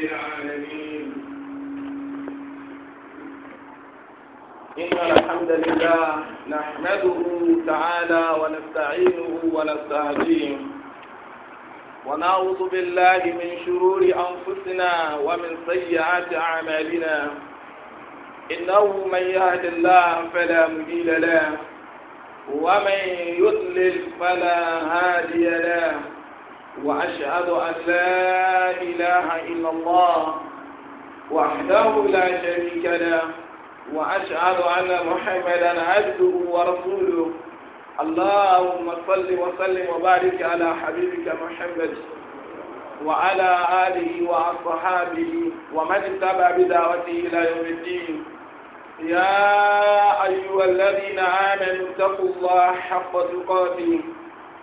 العالمين إن الحمد لله نحمده تعالى ونستعينه ونستهديه ونعوذ بالله من شرور أنفسنا ومن سيئات أعمالنا إنه من يهد الله فلا مضل له ومن يضلل فلا هادي له وأشهد أن لا إله إلا الله وحده لا شريك له وأشهد أن محمدا عبده ورسوله اللهم صل وسلم وبارك على حبيبك محمد وعلى آله وأصحابه ومن اتبع بدعوته إلى يوم الدين يا أيها الذين آمنوا اتقوا الله حق تقاته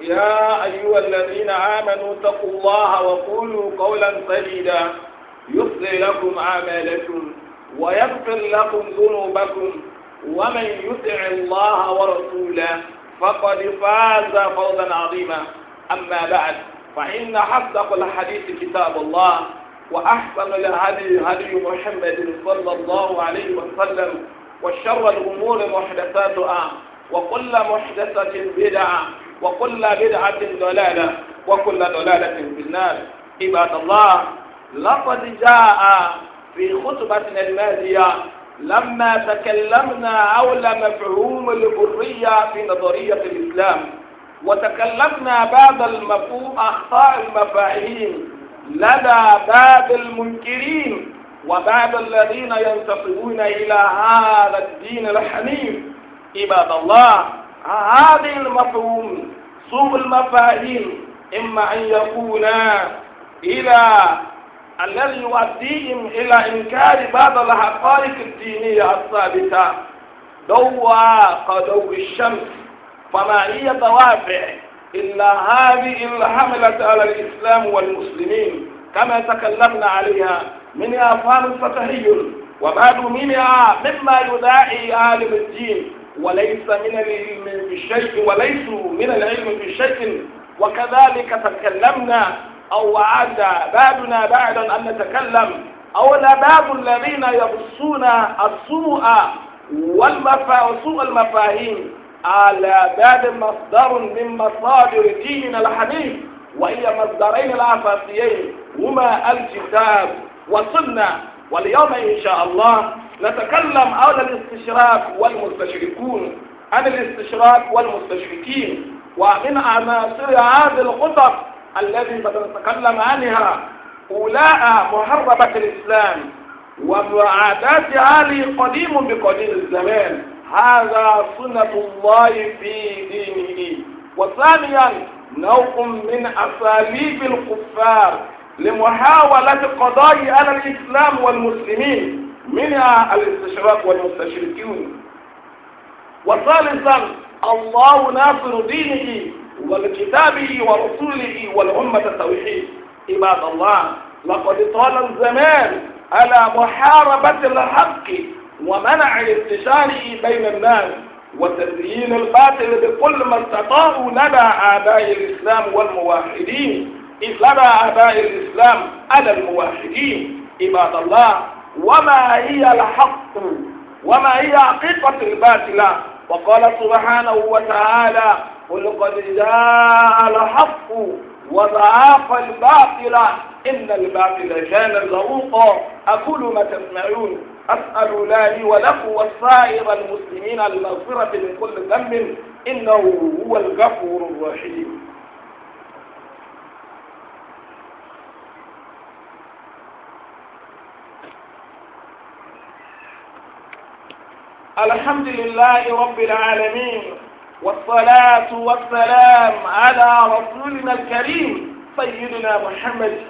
يا أيها الذين آمنوا اتقوا الله وقولوا قولا سديدا يفضي لكم أعمالكم ويغفر لكم ذنوبكم ومن يطع الله ورسوله فقد فاز فوزا عظيما أما بعد فإن حصدق الحديث كتاب الله وأحسن الهدي هدي محمد صلى الله عليه وسلم وشر الأمور محدثاتها وكل محدثة بدعة وكل بدعة ضلالة وكل ضلالة في النار عباد الله لقد جاء في خطبتنا الماضية لما تكلمنا حول مفهوم الحرية في نظرية الإسلام وتكلمنا بعض المفهوم أخطاء المفاهيم لدى بعض المنكرين وبعض الذين ينتصبون إلى هذا الدين الحنيف عباد الله هذه المفهوم سوء المفاهيم إما أن يكون إلى الذي يؤديهم إلى إنكار بعض الحقائق الدينية الثابتة ضوى قدو الشمس فما هي دوافع إلا هذه الحملة على الإسلام والمسلمين كما تكلمنا عليها من أفهام سطحي وبعد منها مما يداعي عالم الدين وليس من العلم وليس من العلم بشيء وكذلك تكلمنا أو عاد بعدنا بعد أن نتكلم أو باب الذين يبصون السوء وسوء المفاهيم على باب مصدر من مصادر ديننا الحديث وهي مصدرين الأساسيين هما الكتاب والسنة واليوم إن شاء الله نتكلم عن الاستشراق والمستشركون عن الاستشراق والمستشركين ومن عناصر هذه الخطط التي سنتكلم عنها أولاء محرمة الإسلام وعادات أهله قديم بقديم الزمان هذا سنة الله في دينه وثانيا نوع من أساليب الكفار لمحاولة قضاء على الإسلام والمسلمين منها الاستشراق والمستشركون وثالثا الله ناصر دينه وكتابه ورسوله والأمة التوحيد عباد الله لقد طال الزمان على محاربة الحق ومنع انتشاره بين الناس وتزيين الباطل بكل ما استطاعوا لدى آباء الإسلام والموحدين إذ لدى آباء الإسلام على الموحدين عباد الله وما هي الحق وما هي حقيقة الباطلة وقال سبحانه وتعالى قل قد جاء الحق وضعاف الباطل إن الباطل كان زروقا أقول ما تسمعون أسأل لي ولكم والسائر المسلمين المغفرة من كل ذنب إنه هو الغفور الرحيم الحمد لله رب العالمين والصلاة والسلام على رسولنا الكريم سيدنا محمد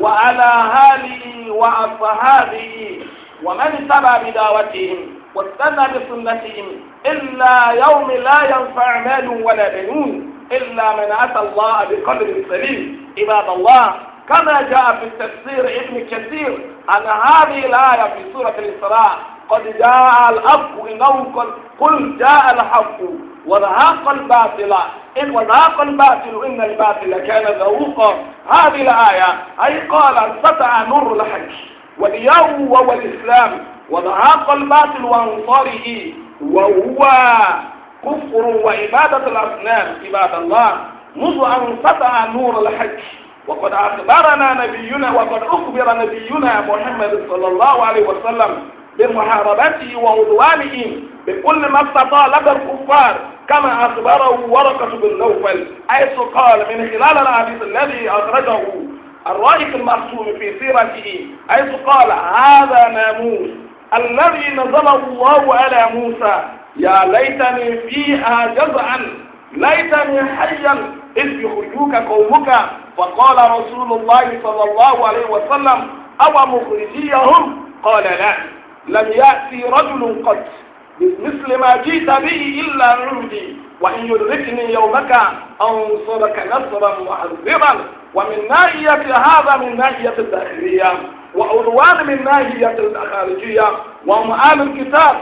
وعلى آله وأصحابه ومن تبع بدعوتهم واستنى بسنتهم إلا يوم لا ينفع مال ولا بنون إلا من أتى الله بقدر سليم عباد الله كما جاء في التفسير ابن كثير أن هذه الآية في سورة الإسراء قد جاء الحق إنه قد قل جاء الحق وذهاق الباطل إن وذهاق الباطل إن الباطل كان ذوقا هذه الآية أي قال انقطع نور الحج واليوم والإسلام وذهاق الباطل وانصاره وهو كفر وعبادة الأصنام عباد الله منذ انقطع نور الحج وقد أخبرنا نبينا وقد أخبر نبينا محمد صلى الله عليه وسلم بمحاربته وعدوانه بكل ما استطاع لدى الكفار كما أخبره ورقة بن نوفل حيث قال من خلال الحديث الذي أخرجه الرائق المحسوم في سيرته حيث قال هذا ناموس الذي نزله الله على موسى يا ليتني فيها جزعا ليتني حيا إذ يخرجوك قومك فقال رسول الله صلى الله عليه وسلم أو مخرجيهم قال لا لم يأتي رجل قط مثل ما جئت به إلا عندي وإن يدركني يومك أنصرك نصرا وعذبا ومن ناحية هذا من ناحية الداخلية وعنوان من ناحية الخارجية وهم أهل الكتاب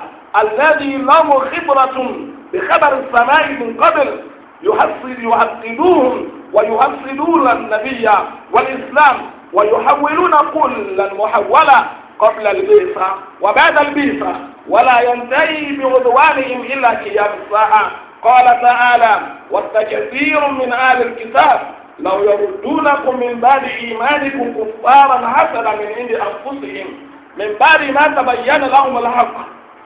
الذي لهم خبرة بخبر السماء من قبل يحصل يعقدون ويحصلون النبي والإسلام ويحولون كلا محولا قبل البيصة وبعد البيصة ولا ينتهي بعدوانهم إلا قيام الساعة قال تعالى والتكثير من أهل الكتاب لو يردونكم من بعد إيمانكم كفارا حسنا من عند أنفسهم من بعد ما تبين لهم الحق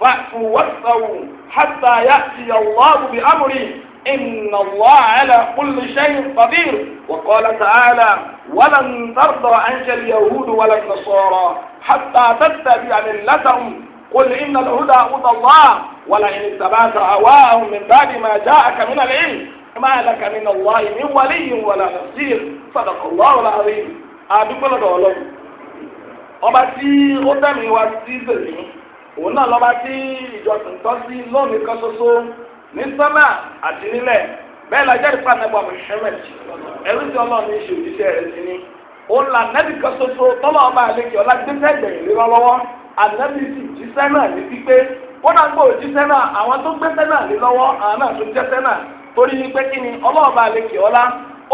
فأتوا واستووا حتى يأتي الله بأمره إن الله على كل شيء قدير وقال تعالى ولن ترضى عنك اليهود ولا النصارى حتى تتبع ملتهم قل إن الهدى هدى الله ولئن اتبعت هواهم من بعد ما جاءك من العلم ما لك من الله من ولي ولا نصير صدق الله العظيم àdúgbò lọ́dọ̀ ọlọ́run ọba tí ó tẹ̀mí wa sí bèbí òun náà lọ́ba tí ìjọsìn tọ́ sí lónìí kan ṣoṣo ní sọ́mà àti nílẹ̀ bẹ́ẹ̀ la jẹ́rìí pàtàkì àmọ̀ ṣẹ́mẹ̀tì ẹ̀rú tí ọlọ́run ní ṣe òjíṣẹ́ rẹ̀ sí ni. òun là nẹ́bí kan ṣoṣo tọ́lọ́ ọba àlejò ọlá gbẹ́sẹ̀ gbẹ̀yìn lé lọ́wọ́ ànẹ́bí sì jíṣẹ́ náà ní pípé na ń gbọ́ òjíṣẹ́ náà àwọn tó gbẹ́sẹ̀ náà lé lọ́wọ́ àwọn náà tó jẹ́sẹ́ náà torí pé kí ni ọlọ́ọ̀ba àlejò ọlá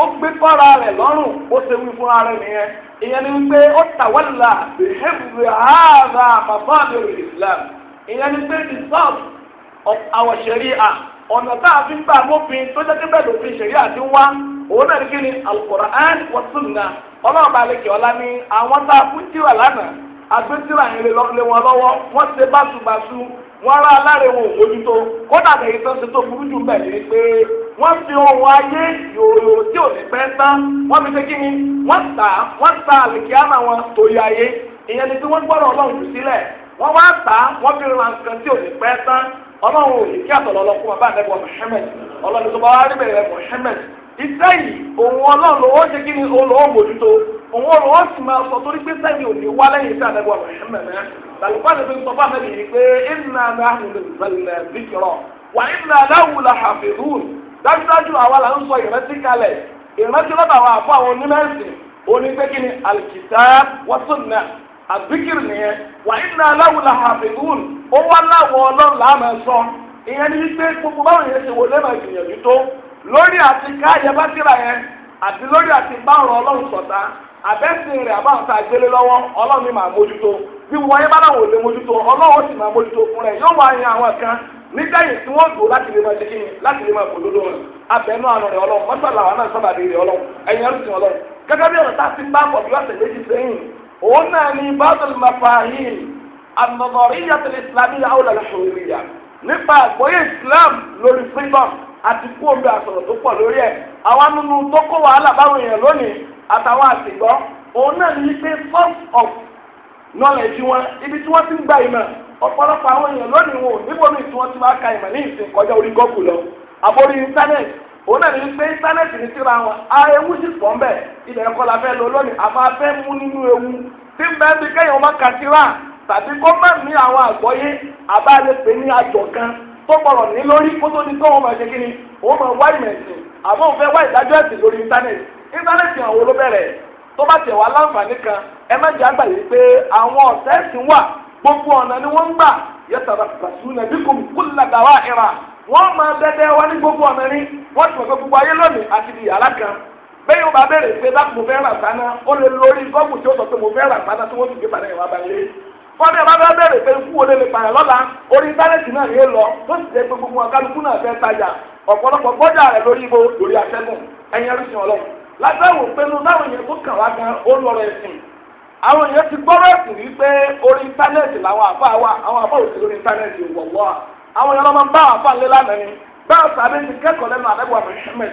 ó gbé kọ́ra rẹ̀ lọ́rùn ó ṣe wí fún ara nìyẹn ìyẹn ni wípé ó tàwọ́là bèhébùrè ni pé the south of our sharia ọ̀nà tá a fi ń gbà mọ́fin tó jẹ́ kí bẹ́ẹ̀ òun náà ní kí ni ọlọ́run bá lè kí ọlá ní àwọn tá a fún tíra lánàá agbẹ́tíra yẹn lé wọn lọ́wọ́ wọ́n ṣe báṣubàṣu wọ́n rá aláre wọn òmójútó kódà lẹ́yìn tó ṣe tó burú jù bẹ́ẹ̀ ni pé wọ́n fi ohun ayé yòòyò tí ò ní pẹ́ tán wọ́n fi ṣe kí ni wọ́n tà wọ́n tà àlìkíyàmà wọn torí ayé ìyẹn ni tí wọ́n gbọ́dọ̀ ọlọ́run jù sílẹ̀ wọ́n wá tà wọ́n fi ra nǹkan tí ò ní pẹ́ tán ọlọ́run ò ní kí àtọ̀lọ́lọ́kùn bàbá àdẹ́gbọ̀n Muhammad ọlọ́run tó bá wá rí bẹ̀rẹ̀ Muhammad iṣẹ́ yìí òun ọlọ́run lọ́wọ́ jẹ́ kí ni òun mójútó òun ọlọ́wọ́ sì máa sọ torí pé sẹ́yìn òní wá lẹ́yìn iṣẹ́ àdẹ́gbọ́ àmọ̀ṣẹ́mẹ̀mẹ́ làlùkọ́ àti fi ń sọ yìí pé ìnà la dájúdájú àwa là ń sọ ìrántí kalẹ̀ ìrántí lọ́dọ̀ àwọn àfọ àwọn onímẹ̀sìn òní pé kí ni wa sunna àbíkìrì nìyẹn wà ìnà aláwù ó wá lórí àti káyẹ bá síra yẹn àti lórí àti báwọn ọlọ́run sọ̀tá àbẹ́sìn rẹ̀ àbáwọn tá a gbélé lọ́wọ́ ọlọ́run ni màá mójútó bí wọ́n yẹn bá náà wò lè mójútó ọlọ́run sì máa mójútó fún rẹ̀ yóò wá yan àwọn kan nígbẹ̀yìn tí wọ́n dùn láti lè máa ṣe kíni láti lè máa fòdodo rẹ̀ abẹnú àná rẹ̀ ọlọ́run mọ́tàlá àwọn náà sábà rèé ọlọ́run ẹ̀yìn ẹ̀rù sìn ọlọ́run gẹ́gẹ́ bí ọ̀rọ̀ tá a ti bá pọ̀ bí ọ̀sẹ̀ méjì sẹ́yìn òun náà ni bàtàl mafahim an-nadariyya al-islamiyya aw al-hurriyya nípa àgbọ́yé islam lórí freedom àti kú omi àsọ̀rọ̀ tó pọ̀ lórí ẹ̀ àwa nínú tó kó wàhálà báwọn èèyàn lónìí àtàwọn àtìgbọ́ òun náà ní pé source of knowledge wọn ibi tí wọ́n ti ń gba ìmọ̀ ọ̀pọ̀lọpọ̀ àwọn èèyàn lónìí wọn níbo ni tí wọ́n ti máa ka ìmọ̀ ní ìsìn kọjá orí gọ́ọ̀gù lọ àbórí íńtánẹ́ẹ̀tì òun náà ní pé íńtánẹ́ẹ̀tì ní síra wọn a ewu sì pọ̀ ń bẹ̀ ilẹ̀ ẹ̀kọ́ la fẹ́ lọ lónìí àmọ́ a fẹ́ mú nínú ewu tí ń bẹ́ẹ̀ bí kẹ́yìn ọmọ kàtíra tàbí kó má ní àwọn àgbọ́yé àbá lè pè ní àjọ̀kan tó gbọ́rọ̀ ní lórí kó tó ní kó wọn máa ṣe kí ni òun máa wá ìmọ̀ ẹ̀sìn àmọ́ òun fẹ́ wá ìdájọ́ ẹ̀sìn lórí íńtánẹ̀tì íńtánẹ̀tì àwọn olóbẹ̀rẹ̀ tó bá tiẹ̀ wá láǹfààní kan ẹ má jẹ́ àgbà pé àwọn wà gbogbo ọ̀nà ni wọ́n ń gbà yẹtara gbàsú nàbí kò kú fọdẹ bá bẹ bẹ̀rẹ̀ pé ikú wo lè pààyàn lọ́la orí íńtánẹ́ẹ̀tì lọ gbogbo akálukú náà fẹ́ tajà ọ̀pọ̀lọpọ̀ gbọ́dọ̀ rẹ̀ ibo lórí atẹ́gùn ẹ̀yìn ọlọ́run láwọn èèyàn tó kàn wá gan olùrọ̀ ẹ̀sìn àwọn èèyàn ti ẹ̀sìn orí làwọn àfa wa àwọn àfa òsì lórí wọ̀wọ́ àwọn èèyàn bá àfa lánàá ni bẹ́ẹ̀ ti kẹ́kọ̀ọ́ lẹ́nu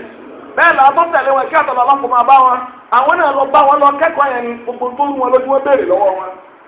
bẹ́ẹ̀ làwọn tó lọ bá wọn gbogbo tó ń wọn lójú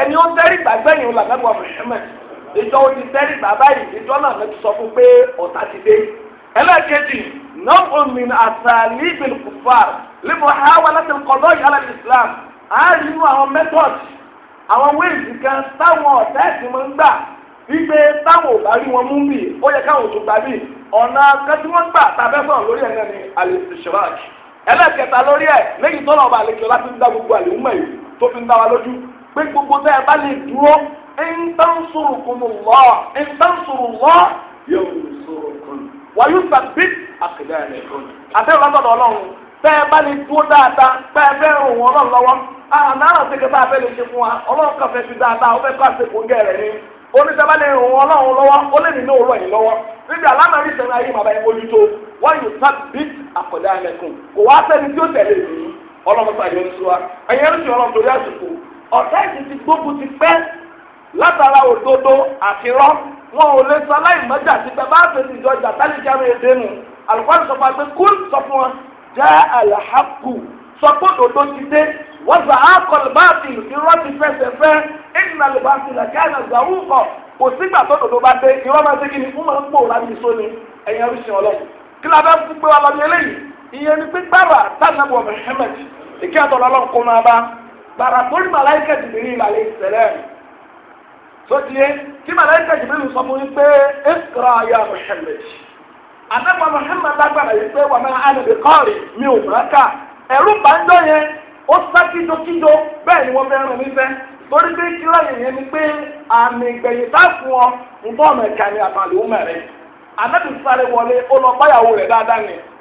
ẹni ó tẹ́rì gbàgbẹ́ yìí lànà bọ̀ Muhammad ìjọ ó ti tẹ́rì bàbá yìí ìjọ náà lè sọ fún pé ọ̀tá ti dé ẹlẹ́kẹ̀jì nọ́ọ̀mìn àtàlí ìbìlì kùfà lẹ́mọ̀ àwọn aláṣẹ kọ̀dọ̀ yàrá Islam àárín inú àwọn method àwọn ways kan táwọn ọ̀tá ẹ̀sìn máa ń gbà wípé táwọn ò bá rí wọn mú bì ó yẹ káwọn òtún gbà bì ọ̀nà kẹ́tí wọ́n gbà tàbẹ́ fún àwọn lórí ẹ̀ náà ni alẹ́ ìṣèwádìí ẹlẹ́kẹta lórí ẹ̀ lẹ́yìn tọ́lọ̀ ọba àlejò láti ń dá gbogbo àlè pé gbogbo bẹ́ẹ̀ bá lè dúró in tansurukumullah in tansurullah yansurukum wa yuthabbit aqdamakum. àtẹ̀wé lọ́dọ̀ ọlọ́run bẹ́ẹ̀ bá lè dúró dáadáa bẹ́ẹ̀ bẹ́ẹ̀ rò wọ́n ọlọ́run lọ́wọ́ àná àwọn àti kẹta abẹ́ lè ṣe fún wa ọlọ́run kan fẹ́ fi dáadáa ó fẹ́ kọ́ ni oníṣẹ́bá lè ràn lọ́wọ́ ó lè nínú òwúrọ̀ yìí lọ́wọ́ níbi ayé ọ̀tá ìsìn ti gbógun ti pẹ́ látara òdodo àfirọ́ wọn ò lè sọ aláìmọ́jà ti pẹ́ bá a fèsì ìjọ ìjà tá nìjánu èdè nù alùpàdé sọ fún wa pé kúl sọ fún wa já àlàhàkù sọ pé òdodo ti dé wọ́n sọ àkọlù báàtì irọ́ ti fẹsẹ̀ fẹ́ ìnà lè bá àná zàwù kọ̀ kò sígbà tó òdodo bá dé irọ́ bá dé kí ni fún máa ń pòórá ní sóni ẹ̀yìn arúṣin ọlọ́run kí bàràkùn màláìkà jìbìrì alayhi salam tó tiẹ̀ tí màláìkà jìbìrì sọ fún mi pé iqra ya Muhammad anagba Muhammad lágbára yìí pé wàmí ànàbì kọ́ọ̀rì mi ò mọ̀ ká ẹ̀rú o yẹn ó sá kíjokíjo ni wọ́n fẹ́ ràn mí fẹ́ torí pé ni pé àmì ìgbẹ̀yìn tá fún mbo me ọ̀mẹ̀ka ni mere sare wole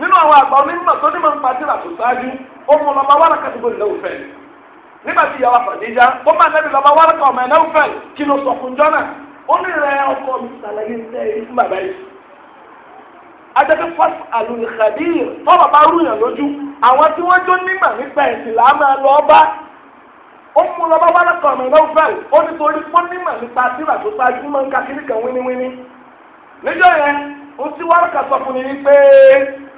nínú àwọn àgbà onímọ̀ tó ní mọ̀ nípa tíra tó ṣáájú ó mú lọ́ba wàrà kàtúgbò lẹ́wọ̀ fẹ́ nígbà tí ìyàwó àfàdéjà ó máa nẹ́bi lọ́ba wàrà kà ọmọ ẹ̀lẹ́wọ̀ fẹ́ kí ló sọ fún jọ́nà ó ní rẹ ọkọ mi sàlàyé ńlẹ̀ yìí fún bàbá yìí. adájọ́ fọ́s àlùkàdìr tọ́lọ̀ bá rúyàn lójú àwọn tí wọ́n jó nígbà nípa ẹ̀sìn là á máa lọ bá ó mú lọ́ba wàrà kà ọmọ ẹ̀lẹ́wọ̀ fẹ́ ó nítorí pọ́n nígbà nípa tíra tó ṣáájú máa ń ka kíríkan wíníwíní níjọ́ yẹn ó ti wàrà kà sọ fún mi ní pé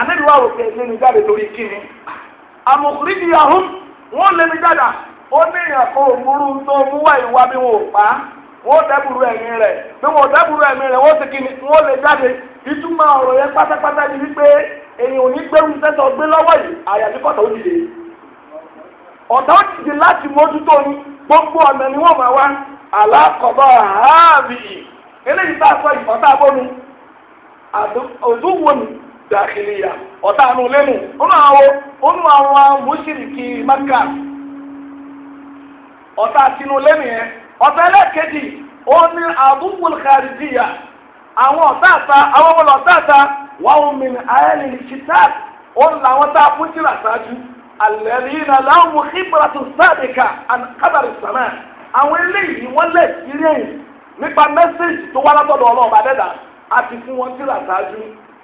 ànábì wà wò pé lẹ́nu jáde lórí kíni àmọ̀kùnrin yahoo wọ́n lẹ́nu jáde ó ní ìyàkó òmùrú tó mú ìwà bí wọn ò pa wọ́n dẹ́kuru ẹ̀mí rẹ̀ bí ịtụma ọrụ ẹ̀mí rẹ̀ ti lè jáde yẹn pátápátá wípé ò ní yìí dìde ó dìde láti mójútó ni gbogbo ọ̀nà ni dàkìlìyà ọ̀tá àánú lẹ́nu ọ̀nà àwọn ọ̀nà àwọn mùsùlùmí maka ọ̀tá àtinú lẹ́nu yẹn ọ̀tá ẹlẹ́kẹ̀jì ó ní àbúkù kàrìdìyà àwọn ọ̀tá àta àwọn ọmọ ọ̀tá àta wàhùn mi ní ayẹ́lì kìtàb ó ń la àwọn tá a fún jìnnà sáájú alẹ́rìínà láwọn ìgbàlá tó sáàdìkà kábàrì sàmà àwọn eléyìí wọ́n lẹ̀ sí rẹ̀ nípa mẹ́sẹ̀jì tó wá látọ̀dọ̀ ọlọ́ọ̀bà dẹ́dà àti fún wọn jìnnà sáájú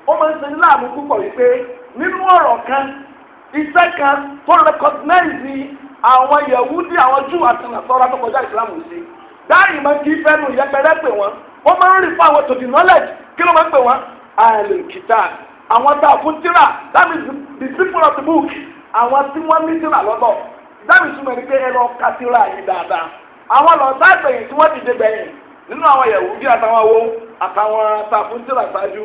ó máa ń ṣe láàmú púpọ̀ wípé nínú ọ̀rọ̀ kan iṣẹ́ kan tó rẹkọdínáìsì àwọn yahudi àwọn júù àti nàṣọ́ra tó kọjá ìsìlámù sí dáàrí máa kí fẹ́nu yẹpẹrẹ pè wọ́n wọ́n máa ń rí fún àwọn tòdì knowledge kí ló máa ń pè wọ́n àìlè kìtà àwọn tá a fún tíra that means the people of the book àwọn tí wọ́n ní tíra lọ́dọ̀ that means wọ́n ní pé ẹ lọ ka tíra yìí dáadáa àwọn lọ́ọ̀tà ìgbẹ̀yìn tí wọ́n dìde gbẹ̀yìn nínú àwọn yahudi àtàwọn owó àtàwọn tá a fún tíra ṣáájú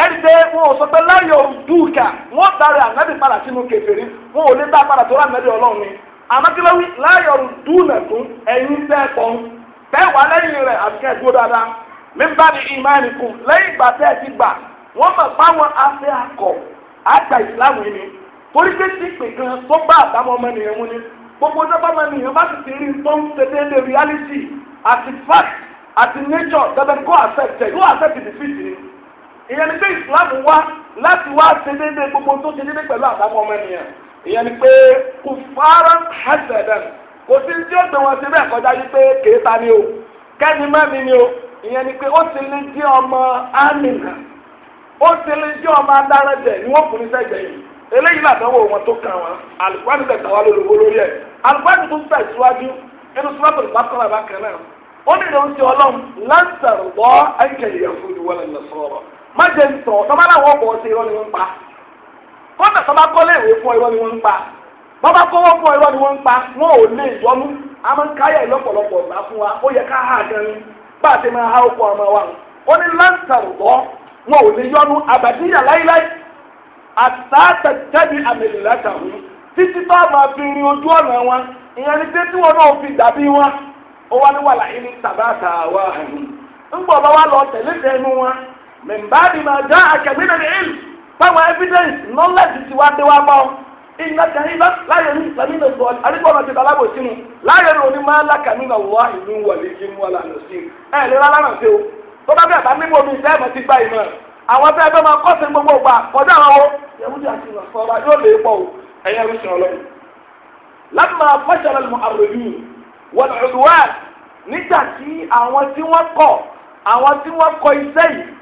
ẹ̀rí pé wọn ò sọ láyọ̀ dùkà wọ́n darí ànábì padà sínú kèfèrí wọn ò lè dá padà tó ànábì ọlọ́run ni àmọ́kílẹ́wì láyọ̀ dùnà tún ẹ̀yìn tẹ́ pọ́n tẹ́ wà lẹ́yìn rẹ̀ àbíkẹ́ ẹ̀dúró dáadáa mímbá ni ìmáàlì kù lẹ́yìn ìgbà tẹ́ ẹ ti gbà wọ́n mọ̀ páwọn afẹ́ akọ̀ àgbà ìsìláàmù ni torí pé kan tó bá àbámọ́ ọmọ mú ni gbogbo ọjọ́ bá sì ti rí tó ń reality àti fact àti ìyẹn ni pé islam wá láti wá ṣe déédéé gbogbo tó ṣe déédéé pẹ̀lú àbámọ́ ọmọ ènìyàn ìyẹn ni pé kùfàrà hasadan kò sí tí ó gbé wọn ṣe bẹ́ẹ̀ kọjá yí pé kèéta ni o kẹ́ni mẹ́mi ni o ìyẹn ni pé ó ti lè jẹ́ ọmọ amina ó ti lè jẹ́ ọmọ adarajẹ ni wọ́n kùnrin sẹ́jẹ̀ yìí eléyìí làdánwò wọn tó kàn wọn alùpàdé tẹ̀sán wa lólobó lórí ẹ̀ alùpàdé tó tẹ̀síwájú inú sọ́tò ìbátanà bá kàn náà ó nílò ń ṣe ọlọ́run láǹtà rọ̀ ẹ̀kẹ́ ìyàfọ́ ìdíwọ́lẹ̀ lọ́sọ̀rọ̀ má jẹ ntọ sọ tọ́ba láwọn ọkọ̀ ni wọn pa kọ́ńtà tọ́ba kọ́lé ìwé fún ni wọn pa bọ́ba fún ni pa wọn ò lè yọnu àmọ́ káyà ìlọ́pọ̀lọpọ̀ fún wa ó yẹ ká há gan bá a ti máa há ọmọ wa ó ní lantan wọn ò yọnu àbàdíyà láíláí títí tó a máa fi rin ojú ọ̀nà ni wọn mẹ̀mbáàdì máa já àkẹ́gbẹ́ náà ní ìlú báwọn evidence knowledge ti wá dé wá bá ọ iná kẹrin bá láyé ní ìsàmì náà sọ àdìgbò ọmọ ti dàlábò sínú láyé ní oní máa lákàmì náà wọ ìlú wọlé kí n wọlé àná sí ẹ lè rárá náà sí o tó bá bẹ̀rẹ̀ bá mímú omi ìṣẹ́ ẹ̀mọ́ ti gba ìmọ̀ àwọn tẹ́ ẹgbẹ́ máa kọ́sìn gbogbo ọgbà kọjá àwọn o yẹ̀wúdí àti ìrànṣọ́ra yóò lè pọ̀ o ẹ̀yẹ rúṣin ọlọ́run lámà fọ́ṣẹ̀lẹ̀ mu àròyìn wọn ọ̀dùwà nígbà tí àwọn tí wọ́n kọ̀ àwọn tí wọ́n kọ iṣẹ́ yìí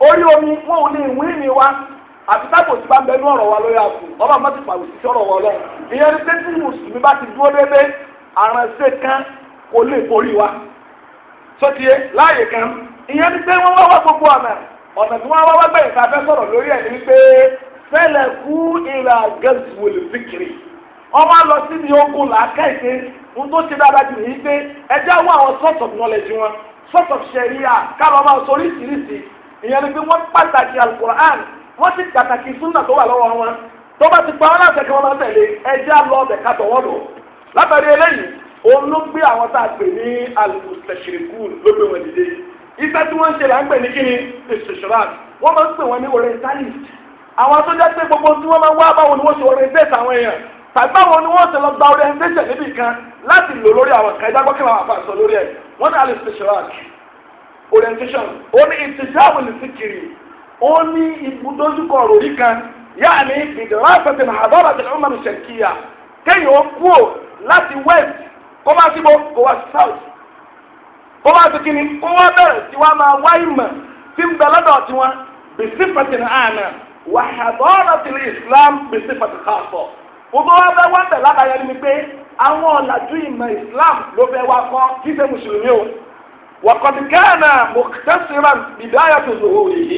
orí omi wọn ò lè wí ní wa àti tábò tí bá ń bẹ ní ọ̀rọ̀ wa lórí àpò ọlọ́run bá ti pàrọ̀ sí ọ̀rọ̀ wa lọ́wọ́ ìyẹn ní pé tí mùsùlùmí bá ti dúró dédé àránṣe kan kò lè borí wa sọtiye láàyè kan ìyẹn ní pé wọ́n wá wá gbogbo ọ̀nà ọ̀nà tí wọ́n wá wá gbẹ̀yìn tá a fẹ́ sọ̀rọ̀ lórí ẹ̀ ní pé fẹ́lẹ̀ kú ìlà gẹ̀ẹ́sìwòlì fìkìrì ọmọ lọ síbi ogun làákàyè ohun tó ṣe dáadáa jù nìyí pé ẹjẹ́ wọ ìyẹn ni pé wọ́n pàtàkì alukur'an wọ́n ti pàtàkì sunna tó wà lọ́wọ́ wọn tó bá ti pa wọn láti ẹ̀kọ́ wọn máa tẹ̀lé ẹjẹ́ àlọ́ ọbẹ̀ ká tọ̀wọ́ lò látàrí eléyìí òun ló gbé àwọn tá a pè ní alùpùpùsẹ̀sìrìkùn ló gbé wọn dìde iṣẹ́ tí wọ́n ń ṣe là ń pè ní kíni ìṣòṣòràn wọ́n máa ń pè wọ́n ní orientalist àwọn tó jẹ́ gbogbo tí wọ́n máa ń wá báwọn ni wọ́n ṣe orientate àwọn lọ gba orientation níbì kan láti lò lórí àwọn kan ìdágbọ́kẹ́lá àwọn àfàṣọ lórí ẹ̀ wọ́n ní alùpùpùsẹ̀sìrìkùn orientation ó ní ìtìjáwò ní síkiri ó ní kan yáà ní ìdìrọ̀ àfẹsẹ̀ àbára àti ọmọ mi láti west kó wá síbò kó wá south kó wá sí kíni kó wá bẹ̀rẹ̀ tí wọ́n máa wá ìmọ̀ tí ń àná islam káàtọ̀ gbogbo wa bẹ wá bẹ̀ ni pé àwọn ọ̀làjú islam ló fẹ́ wá kọ́ kí o. وقد كان مختصرا بداية ظهوره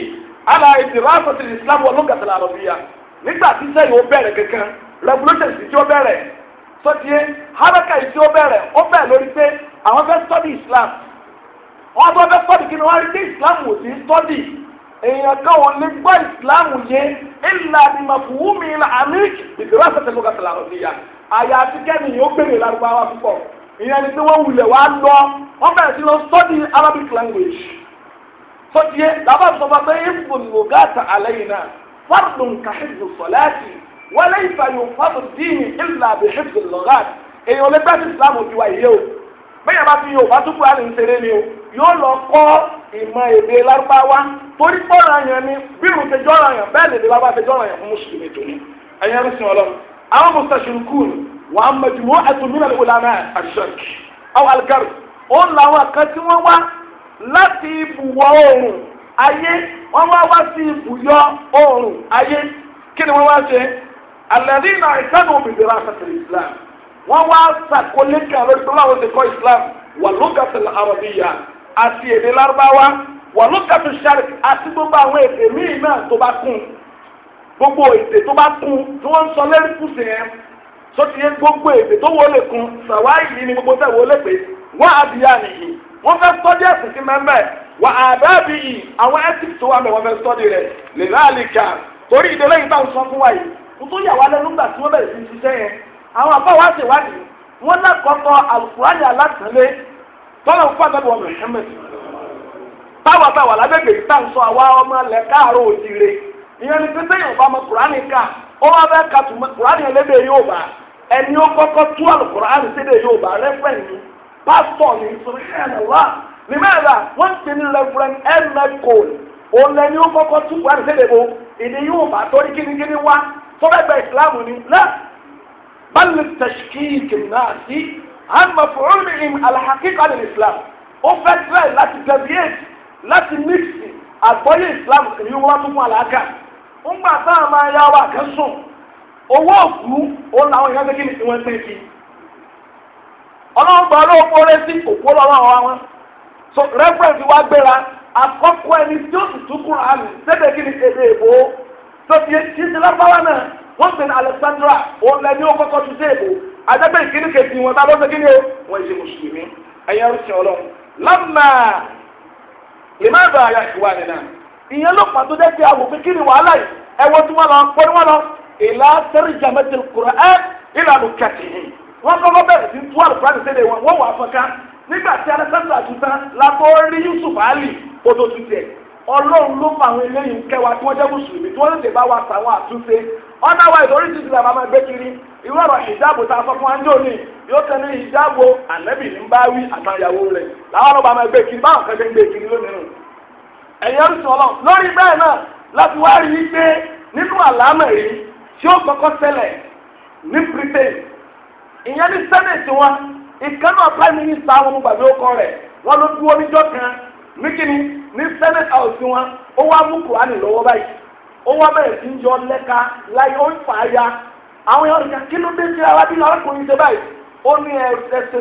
على دراسة الإسلام واللغة العربية nígbà tí sẹ́yìn ó bẹ̀rẹ̀ kankan revolution sì tí ó bẹ̀rẹ̀ sọ́tiẹ́ haraka yìí tí ó bẹ̀rẹ̀ ó bẹ̀rẹ̀ lórí pé àwọn fẹ́ study Islam wọ́n bá fẹ́ study kí ni wọ́n rí pé Islam ò sí study èèyàn kan ò lè gbọ́ Islam yẹn ìlà ìmọ̀kùnwùmí ìlà amíríkì ìdúrà sọ̀tẹ̀ lọ́gàtà làrọ̀ níyà àyà àti kẹ́mi yìí ó gbèrè lárúbáwá púpọ̀ ìyẹn ni pé wọ́n wulẹ̀ wá lọ wọ́n bẹ̀rẹ̀ sí lọ study Arabic language sọ́díẹ́ làbá sọ fún wa pé ibùdó ní ogata àlẹ́yìn náà fardun kàhíbù sọ̀láàtì wọlé ìfàyò fábù díìnì ìlà àbí híbù lọ́gàt èèyàn lè gbẹ́sì Islam ojú wa yìí o bẹ́ẹ̀ bá fi Yorùbá tó kúrò àrùn ṣeré ni o yóò lọ kọ́ ìmọ̀ èdè lárúbáwá torí pọ́nra yẹn ni bírù ṣe jọ́ra yẹn bẹ́ẹ̀ lè dé bá bá ṣe jọ́ra fún mùsùlùmí tòun ẹ̀yẹn rúṣin وأما مجموعة من العلماء الشرك أو الكرب òun làwọn kan tí wọ́n wá láti ibùwọ̀ oòrùn ayé wọ́n wá wá sí ibùyọ oòrùn ayé kí ni wọ́n wá ṣe alladhina ìsánù òmìnira àtàtà islam wọ́n wá sàkólé kan lórí pé láwọn ti kọ́ islam wà lókàtà arabiya àti èdè lárúbáwá wà lókàtà sharik àti gbogbo àwọn èdè míì náà tó bá kún gbogbo èdè tó bá kún tí wọ́n sọ lẹ́rìkùsì yẹn tó gbogbo èdè tó wọlé kun sàwáyé yìí ni gbogbo tẹ̀ wọlé pé wọ́n àbíyá nìyí wọ́n fẹ́ sọ́dí sí àwọn tó wà torí yìí sọ fún wa yìí wọ́n tó yà wá lẹ́nu gbà tí wọ́n bẹ̀rẹ̀ sí ṣiṣẹ́ yẹn àwọn àbá wa ṣe wádìí wọ́n lákọ̀ọ́kọ́ alukurani alátẹ̀lé tọ́lọ̀ fún yìí tá ka ẹni ó kọ́kọ́ tú àlùkùránì sílẹ̀ yorùbá rẹ́fẹ̀n ni pásítọ̀ ni sùnìkànnàlá nìmẹ́ẹ̀dà wọ́n ti ní rẹ́fẹ̀n ẹ̀mẹ́kòl òun lẹni ó kọ́kọ́ tú àlùkùránì sílẹ̀ o ìdí yorùbá torí kínníkínní wá sọ́dọ̀ ìsìlámù ni lẹ́ sí ní ìsìlámù ó fẹ́ tẹ́lẹ̀ láti láti ìsìlámù fún ń owó òkú òun làwọn èèyàn gbégbé ní wọn tẹ́ẹ̀kì ọlọ́run gba ọlọ́run kó sí òkú àwọn so reference wa gbéra ẹni tí ó sì tún kúrò àmì sẹ́dẹ̀ kí ni èdè èbó ti náà o wọ́n ṣe mùsùlùmí rúṣin ọlọ́run lọ́mà ìmáàbà nìyẹn ìyẹn ló ìlà tarjamatil Qur'an ìlà lukatihi wọn kọ́kọ́ bẹ̀rẹ̀ sí tú àlùkùránì sílẹ̀ wọn wọ́n wà fọ́nká nígbà tí alẹ́sàndà àtúntà labọ́ rí Yusuf Ali kótó tutẹ̀ ọlọ́run ló fa àwọn eléyìí kẹwàá tí wọ́n jẹ́ mùsùlùmí tí wọ́n lè bá wa sàwọn àtúnṣe ọ̀nàwà ìdórí títí làwọn máa gbé kiri irú ọ̀rọ̀ ìjáàbò tá a sọ fún anjọ́ ni yóò tẹ́ ní ìjáàbò ànẹ́bì ní bá wí àtàyàwó rẹ̀ làwọn ọlọ́ba máa gbé kiri báwọn kẹ́kẹ́ ń gbé kiri lónìí ẹ̀yẹ́ ń sọ̀rọ̀ lórí bẹ́ẹ̀ náà láti wá rí i pé nínú àlámẹ̀ tí ó kọ́kọ́ ṣẹlẹ̀ ní britain ìyẹn ní senate wọn ìkànnà prime minister àwọn ọmọbàbí ọkọ rẹ wọn ló dúró níjọ́ kan níkíní ní senate house wọn ó wá mú kùránì lọ́wọ́ báyìí ó wá sí jọ lẹ́ka láyé ya àwọn kí ló dé ara bí ṣe báyìí ó ní ẹ ṣe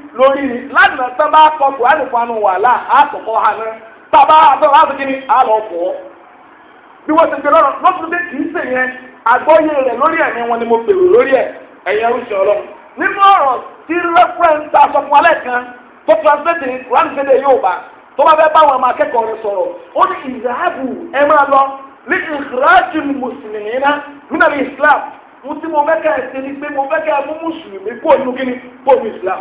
lórí ni lánàá tó bá kọ kùránì fanu wàhálà àtọkọ hànà bàbá àtọkọ àtọkìnì àlọ fọ bí wọn ti gbé lọrọ lọtún dé kì í sè yẹn àgbọ́yé rẹ lórí ẹ̀mí wọn ni mo bèrè lórí ẹ ẹ̀yẹ oṣù ọlọ́run nínú ọ̀rọ̀ tí rẹ́fúrẹ́ǹsì asọ̀fún alẹ́ kan tó translate ní kùránì sédè Yorùbá tó bá fẹ́ bá wọn máa kẹ́kọ̀ọ́ rẹ sọ̀rọ̀ ó ní ìdáàbò ẹ máa lọ ní ìkìláàjì mùsùlùmí náà nínú Islam mo ti mo fẹ́ kẹ́ ẹ ṣe ni pé mo fẹ́ kẹ́ ẹ mú mùsùlùmí kó inú kíni kó inú Islam.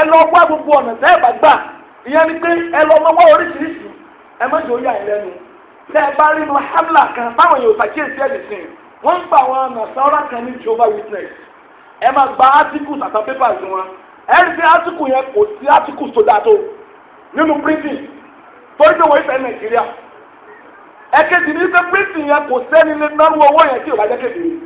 ẹ lọ wá gbogbo ọ̀nà tẹ́ ẹ bá gbà ìyẹn ni pé ẹ lọ mọ wá oríṣiríṣi ẹ má kan báwọn yóò ṣàkíyèsí ẹ̀ nìsín wọ́n ń pa àwọn kan ní Jehovah Witness ẹ ma gba articles àti papers wọn ẹ rí pé article yẹn kò sí articles tó dáa tó nínú printing torí pé wọ́n ìfẹ́ Nàìjíríà ní pé printing yẹn kò sẹ́ni lè náwó owó yẹn tí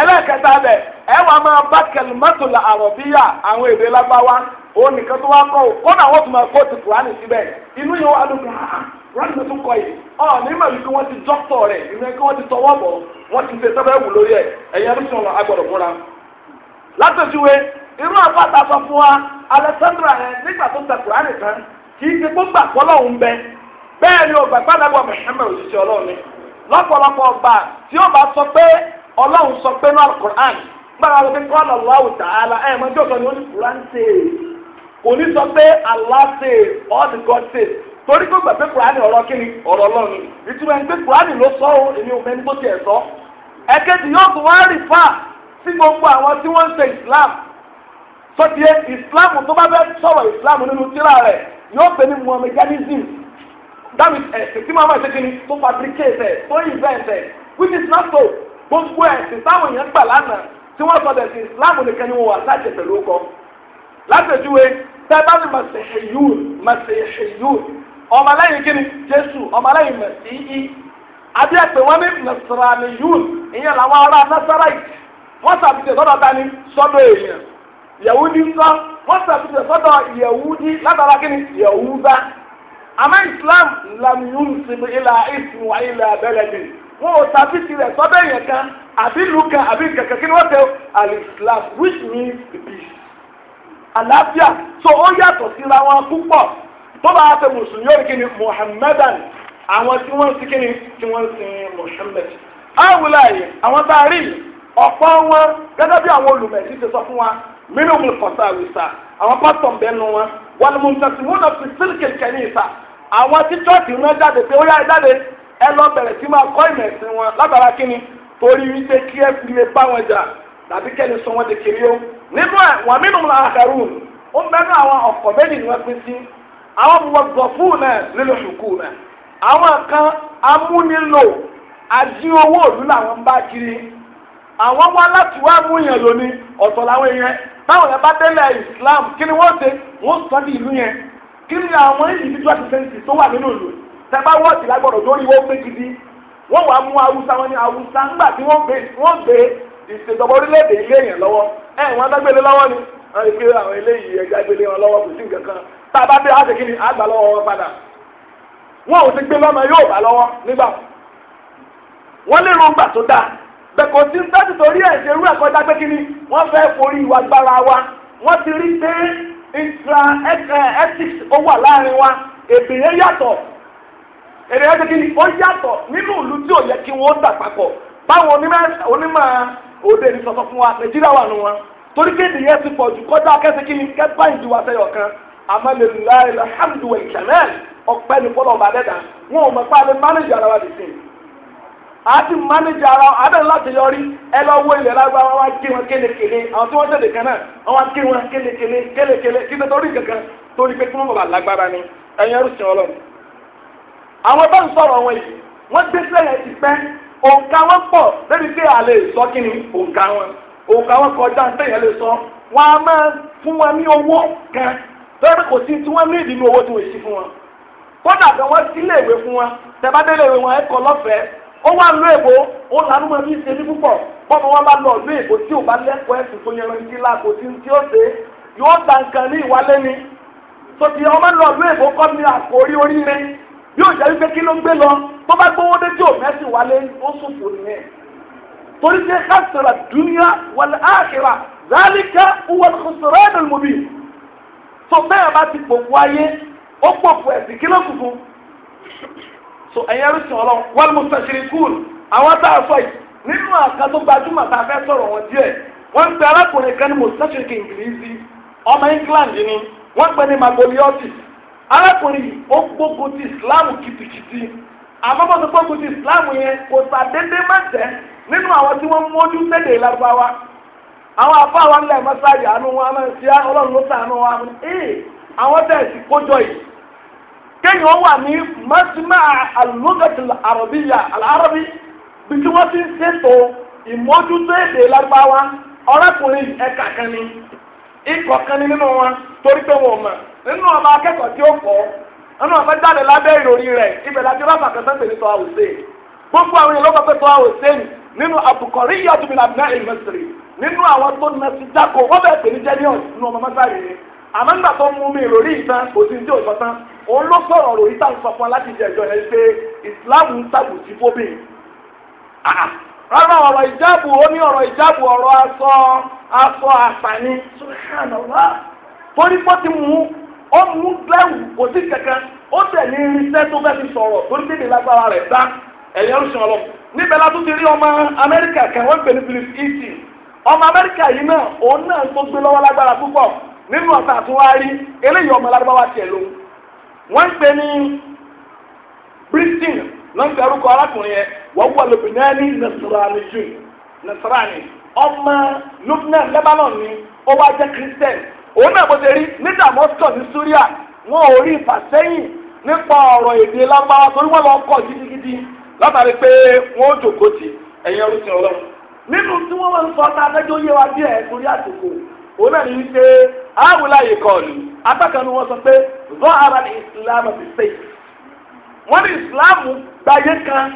ẹlẹ́kẹta bẹ̀ ẹ wàá máa bá kẹlímọ́tò la àrọ̀bíyà àwọn èdè lágbáwá òun nìkan tó wá kọ́ ko kọ́nà tún máa kó ti kùránì síbẹ̀ inú yẹn wàá lóko hàn kùránì tó tún kọ yìí ọ nígbà wípé ti dọ́kítọ̀ rẹ̀ ìgbà wípé wọ́n ti tọwọ́ bọ̀ ti ṣe sábẹ́ wù lórí ẹ̀ ẹ̀yẹn ló sọ̀rọ̀ fún wa Alexandra nígbà tó ta kì í ọlọ́run sọ pé náà Quran gbára wọn pé kọ́lá Allahu Ta'ala ẹ̀ mọ́ jọ́kọ̀ ni ó ní Quran ṣe é kò ní sọ pé Allah ṣe é God ṣe é torí pé gbàgbé Quran ọ̀rọ̀ kíni ọ̀rọ̀ ọlọ́run ìtumọ̀ ẹni pé Quran ló sọ ọ́ èmi ò mẹ́ni tó tiẹ̀ sọ ẹ̀kẹ́jì yóò tún wá rí fà sí gbogbo àwọn tí wọ́n ń ṣe Islam sọ́tìyẹ Islam tó bá fẹ́ sọ̀rọ̀ Islam nínú tírà rẹ̀ yóò pè ní Mohammedanism that is ẹ̀sìn eh, tí màmá ìṣèkínni tó invent which is not so gbogbo ẹ̀sìn táwọn èèyàn gbà lánàá tí wọ́n sọdọ̀ sí islam nìkan ni wọ́n wà láti pẹ̀lú kọ́ látẹ̀júwe tẹ́bá ní masihiyun masihiyun ọmọlẹ́yìn kíni jésù ọmọlẹ́yìn masihi àbí ẹ̀pẹ̀ wọn ní nasraniyun ìyẹn làwọn ará nasarayi wọ́n sàbìtẹ̀ sọ́dọ̀ dání sọ́dọ̀ èèyàn yahudi sọ wọ́n sàbìtẹ̀ sọ́dọ̀ yahudi látara kíni yahuda àmọ́ islam lam yunsibu ila ismu wa ila baladin wọn ò tàbí tirẹ̀ sọ́dọ̀ yẹn kan àbí ìlú kan àbí kẹ̀kẹ́ kí ni wọ́n tẹ al-Islam which means peace àlàáfíà so ó yàtọ̀ síra wọn púpọ̀ tó bá wá pé mùsùlùmí yóò rí kí ni Muhammadan àwọn tí wọ́n sin kí ni tí wọ́n sin Muhammad awùláyè àwọn tá a rí ọ̀pọ̀ wọn gẹ́gẹ́ bí àwọn olùmẹ̀sí ti sọ fún wa mínú mu kọ̀tà àwùsà àwọn pásítọ̀ ń bẹnu wọn wọn ni mo ń tẹ̀sí wọn lọ sí sílíkì kẹ́ni ìsà àwọn tí chọ́ọ̀tì wọn jáde pé ó yá jáde ẹ lọ bẹ̀rẹ̀ sí máa kọ́ ìmọ̀ ẹ̀sìn wọn látara kíni torí wípé kí ẹ fi lè bá wọn jà tàbí kẹ́ni sọ wọn di kiri o nínú ẹ̀ wọ́n mí nùmọ̀ àkàrù ó mẹ́nu àwọn ọ̀kọ̀ méjì ni wọ́n pín sí àwọn gbọ̀ngàn fún náà lílo ṣùkú náà àwọn kan amúnilò ají owó òlú làwọn bá kiri àwọn wá láti wá mú yẹn lónìí ọ̀tọ̀ làwọn yẹn báwọn yẹn bá délẹ̀ Islam kí ni wọ́n ṣe wọ́n sọ ní ìlú yẹn kí ni àwọn individual defense tó wà nínú ìlú tẹ́gbà wọ́ọ̀tì lágbọ̀dọ̀ lórí wọ́n gbé gidi wọ́n wàá mú awúsá wọn ní awúsá ńgbà tí wọ́n gbé wọ́n gbé ìṣèjọba orílẹ̀-èdè ilé yẹn lọ́wọ́ ẹ̀ wọ́n dágbélé lọ́wọ́ ni wọ́n ti gbé àwọn eléyìí ẹja gbélé wọn lọ́wọ́ kò sí nǹkan kan tá a bá dé àti kí ni a lọ́wọ́ wọn padà wọn ò ti gbé lọ́mọ yóò bá lọ́wọ́ nígbà wọ́n lérò ńgbà tó dáa bẹ̀kọ̀ tí ń torí ẹ̀ ṣe irú ẹ̀kọ́ dágbé kí ni wọ́n fẹ́ forí ìwà gbára wa wọ́n ti rí pé intra eh, eh, ethics ó wà láàrin wa èbìyẹn yàtọ̀ èrè ẹ̀ kékeré ó yàtọ̀ nínú ìlú tí ò yẹ kí wọ́n dà papọ̀ báwọn onímọ̀ òde ní sọ̀tọ̀ fún wa nàìjíríà wà nù wọn torí kéde yẹn ti pọ̀ jù kọjá kẹsì kí ni kẹgbà ìdíwà sẹ́yọ̀ kan àmọ́ lè lọ alhamdulilayi kẹmẹ́ẹ̀ ọ̀pẹ́ ní fọlọ́ ọba dẹ́dà wọn ò mọ̀ pé a lè mánéjì ara wa lè sìn àti mánéjì ara wa abẹ́ láti yọrí ẹ lọ wo ilẹ̀ lágbára wa gé wọn kélekèle àwọn tí wọ́n tẹ̀lé kan náà wọ́n gé wọn kélekèle kélekèle kí n tó torí kankan torí pé kí wọ́n bọ̀ bá lágbára ni ẹ̀yin ẹrú sìn ọlọ́run àwọn bá ń sọ̀rọ̀ wọn yìí wọ́n gbé sílẹ̀ ti pẹ́ òǹkà wọn pọ̀ lórí pé a lè sọ kí ni òǹkà wọn òǹkà wọn kọjá ntẹ̀yẹ lè sọ wọn a máa fún wọn ní owó kan lórí kò sí tí wọ́n ní ìdí ní owó tí wọ́n ṣí fún wọn kódà kan wọ́n sílé ìwé fún wọn tẹ̀bádélé ìwé wọn ẹ̀kọ́ lọ́fẹ̀ẹ́ ó wà ń lo èbó ó lànà máa fi ṣe ní púpọ̀ bọ́ọ̀mù wọn bá lọ ìlú èbó tí ò bá lẹ́kọ̀ọ́ ẹ̀sùn tó yanrantí láàkó tí ń tí ó ṣe yóò ta nǹkan ní ìwálé ni tòtí ọmọ lọ ìlú èbó kọ́ ní àkórí oríire yóò jẹ́ wípé kí ló ń gbé lọ tó bá gbówó dé tí òun ẹ̀sìn wálé ó sòfò nìyẹn torí pé kásìrà dúníà wàlẹ̀ àkìrà zálíkà wọ́n kòsòrò ẹ̀ nàlùmọ́ bí tó bẹ́ẹ̀ bá ti pòfò ayé ó pòfò ẹ̀sìn kí ló kù fún so ẹ̀yẹ rí sìn ọlọ́run wọ́n mú sàṣírí kúl àwọn tá a sọ yìí nínú àká tó gbajúmọ̀ tá a fẹ́ sọ̀rọ̀ wọn díẹ̀ wọ́n ń pe arákùnrin kan ní mùsàṣírí kìngìlì arákùnrin yìí ti kìtìkìtì gbógun ti yẹn kò sàdédé má nínú àwọn tí wọ́n mójú tẹ́lẹ̀ lárúbáwá àwọn afọ àwọn àánú wọn máa ń ṣe ọlọ́run ló sàánú ee àwọn kójọ yìí kéèyàn wà ní bí wọ́n ti ń ṣètò lárúbáwá ikọ̀ kan ní nínú wọn torí pé wọn ò mọ̀ nínú ọmọ akẹ́kọ̀ọ́ tí ó kọ́ nínú ọmọ jáde lábẹ́ ìròrí rẹ̀ ibẹ̀ láti rábà kẹsàn-án pèlú tọ́ àwòṣe gbogbo àwọn èèyàn ló kọ́ pé tọ́ àwòṣe nínú àbùkọ̀rí yíyàtú mi làbínà ìmẹsìrì nínú àwọn tó na sí dáko wọ́n bẹ̀rẹ̀ pè ní jẹ́niọ̀s nínú ọmọ mọ́sáyé ni àmọ́ nígbà tó mú mi ìròrí ìtàn kò sí ní tí ò sọ tán òun ló sọ̀rọ̀ ròyìn tá à ń sọ fún ọ láti jẹ́ ìjọ yẹn rárá ọ̀rọ̀ ìjáàbù ó ní ọ̀rọ̀ ìjáàbù ọ̀rọ̀ aṣọ aṣọ àṣàní torí pọ́ ti mú ó mú gbẹ̀wù kò sí kankan ó tẹ̀lé irinṣẹ́ tó fẹ́ fi sọ̀rọ̀ torí tèmi lágbára rẹ̀ dá ẹ̀yẹ ń sọ̀rọ̀ níbẹ̀ la tún ti rí ọmọ amẹ́ríkà kẹwọ́n pẹ̀lú philip eti ọmọ amẹ́ríkà yìí náà òun náà tó gbé lọ́wọ́ lágbára púpọ̀ nínú ọ̀tá britain lọ́n dárúkọ arákùnrin yẹn wọ́n wà lóbìnrin nasarani jù nasarani ọmọ lóbìnrin lebanon ni ó wá jẹ́ christian òun náà bó ṣe rí ní damascus ní syria wọn ò rí ìfàsẹ́yìn nípa ọ̀rọ̀ èdè lágbára torí wọ́n lọ kọ́ gidigidi látàrí pé wọ́n ó jòkó tì ẹ̀yìn ọdún tí wọ́n lọ. nínú tí wọ́n máa sọ ọ́ta adájọ́ yé wa díẹ̀ torí àsìkò òun náà ní wípé àwòlá yìí kọ̀ọ̀lù apákanu wọn sọ pé zọ́ ara ní islam ti sèyí wọ́n ní ìsìláàmù gbàyé kan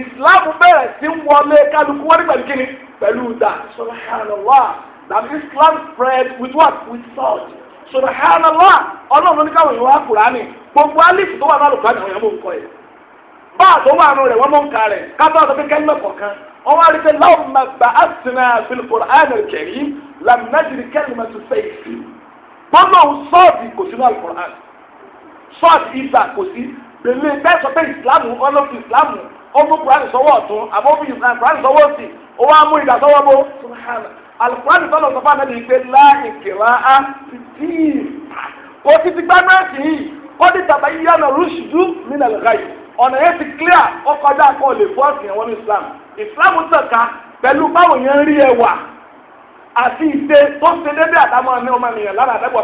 ìsìláàmù bẹ̀rẹ̀ sí ń wọlé kálukú wọ́n ní pẹ̀lú kíni pẹ̀lú ìdá subhanallah that islam spread with what with salt subhanallah ọlọ́run ní káwọn ìwà kùránì gbogbo alifu tó wà náà lùkọ́ àtàwọn ìyàmó nǹkan yẹn báà tó wà nù rẹ̀ wọ́n mọ̀ nǹka rẹ̀ kábọ̀ àti pé kẹ́lẹ́ kọ̀ọ̀kan wọ́n wá rí pé láwọn máa gbà á sinmi àfihàn ààrẹ kẹ̀rí làmìnájìrì kẹ́lẹ́ máa tún fẹ́ẹ́ sí. bọ́lá òun sọ́ọ̀dì kò sínú àlùkò rán sọ́ọ̀dì ìgbà kò sí lèmi bẹ́ẹ̀ sọ pé ìsìlámù ọlọ́fi ìsìlámù ó mú kúránì sọ́wọ́ ọ̀tún àbọ̀ ó mú kúránì sọ́wọ́ òsì ó wá bó alukúránì sọ́lọ̀ sọ́fà náà lè gbé á ti tì í kò ti gbá ti tàbá yíyá mí nà lọ́ka yìí ọ̀nà ti clear ó kọjá kó lè fọ́ ọ̀sìn ẹ̀wọ̀n islam islam tọ̀ka pẹ̀lú báwo yẹn rí àti ìṣe tó ṣe débi àtàwọn ọmọ lára àdàbọ̀